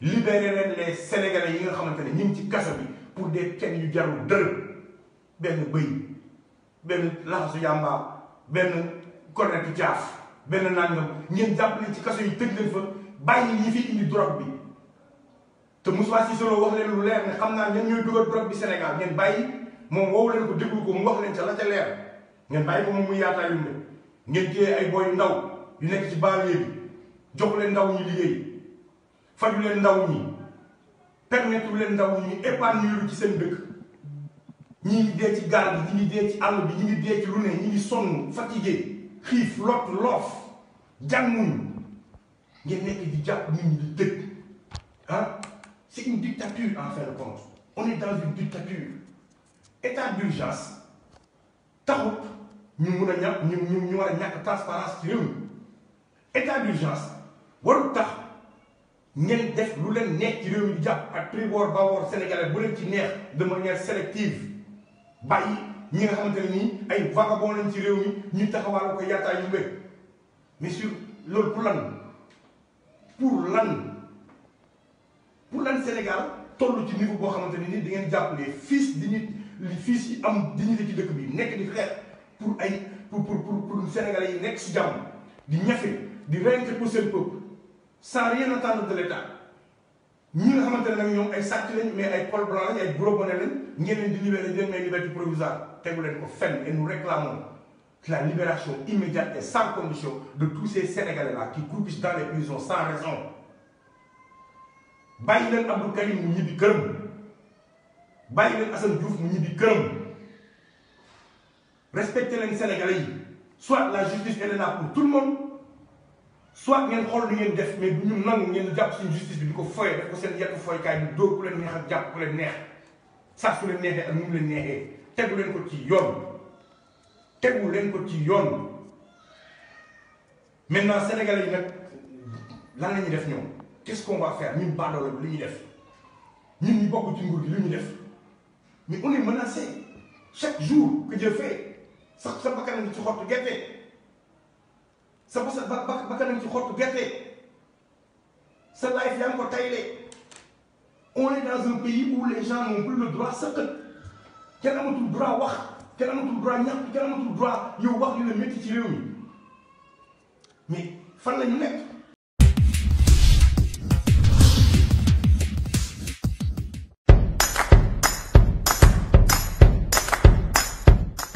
libéré leen les sénégalais yi nga xamante ne ñu ngi ci kaso bi pour des kenn yu jarul dërëm benn bëy benn laxasu yàmba benn cornetu jaaf benn nangam ngeen jàppale ci kaso yi tëj leen fa bàyyi bi te Moussa Cissé Lo xam naa ñan ñooy dugal drogue bàyyi moom woowu leen ko déglu ko mu wax leen ca la ca leer ngeen bàyyi ko moom mu yaataayul ne ngeen jiyee ay boy ndaw yu nekk ci banlieue bi jox ndaw ñu liggéey. faju ndaw ñi permettre leen ndaw ñi ñu épanouir ci seen dëkk ñi ngi dee ci gaal bi ñi ngi dee ci àll bi ñi ngi dee ci lu ne ñi sonn fatigué xiif lot loof jànguñu ngeen nekk di jàpp nit ñi di dëkk ah c'est une dictature en fin de on est dans une dictature état d'urgence taxut ñu mun a ñàkk ñu ñu war a ñàkk transparence ci réew mi état d'urgence warul tax ngeen def lu leen neex ci réew mi jàpp ak tribord bawor sénégalais bu leen ci neex de manière sélective bàyyi ñi nga xamante ne nii ay vagabond lañ ci réew mi ñu taxawaalu ko yaataa yu bëgg mais sur loolu pour lan pour lan pour lan Sénégal toll ci niveau boo xamante ne nii di ngeen jàppale fils di nit fils yi am di dignité ci dëkk bi nekk di xeex pour ay pour pour pour Sénégalais yi nekk si jàmm di ñafe di rente pour seen peuple sans rien attendre de l'État ñi nga xamante ne nag ñoom ay sàcc lañ mais ay col blanc lañ ay gros bonnet lañ ngeen leen di libéré di leen may provisoire tegu leen ko fenn et nous réclamons la libération immédiate et sans condition de tous ces Sénégalais là qui croupissent dans les prisons sans raison bàyyi leen Abdou Karim mu ñibbi këram bàyyi leen Assane Diouf mu ñibbi këram respecté leen Sénégalais yi soit la justice elle est là pour tout le monde. soit ngeen xool lu ngeen def mais bu ñu nangu ngeen jàpp suñu justice bi di ko foyee def ko seen yàq foykaay bi dóor ku leen neex ak jàpp ku leen neex saa su leen neexee ak nu mu leen neexee tegu leen ko ci yoon tegu leen ko ci yoon maintenant sénégalais yi nag lan la ñuy def ñoom qu'est-ce qu'on va faire ñun baadoolo bi li ñuy def ñun ñu bokk ci nguur gi li ñu def mais on est menacé chaque jour que jël fait sax sa bakkan ci xottu gerte sa ba sa ba ba bakkanam ci xottu gerte sa life yaa ngi ko tayle on est dans un pays où les gens n'ont plus le droit sëqat kenn amatul droit wax kenn amatul droit ñàkk kenn amatul droit yow wax li la métti ci réew mi mais fan la ñu nekk.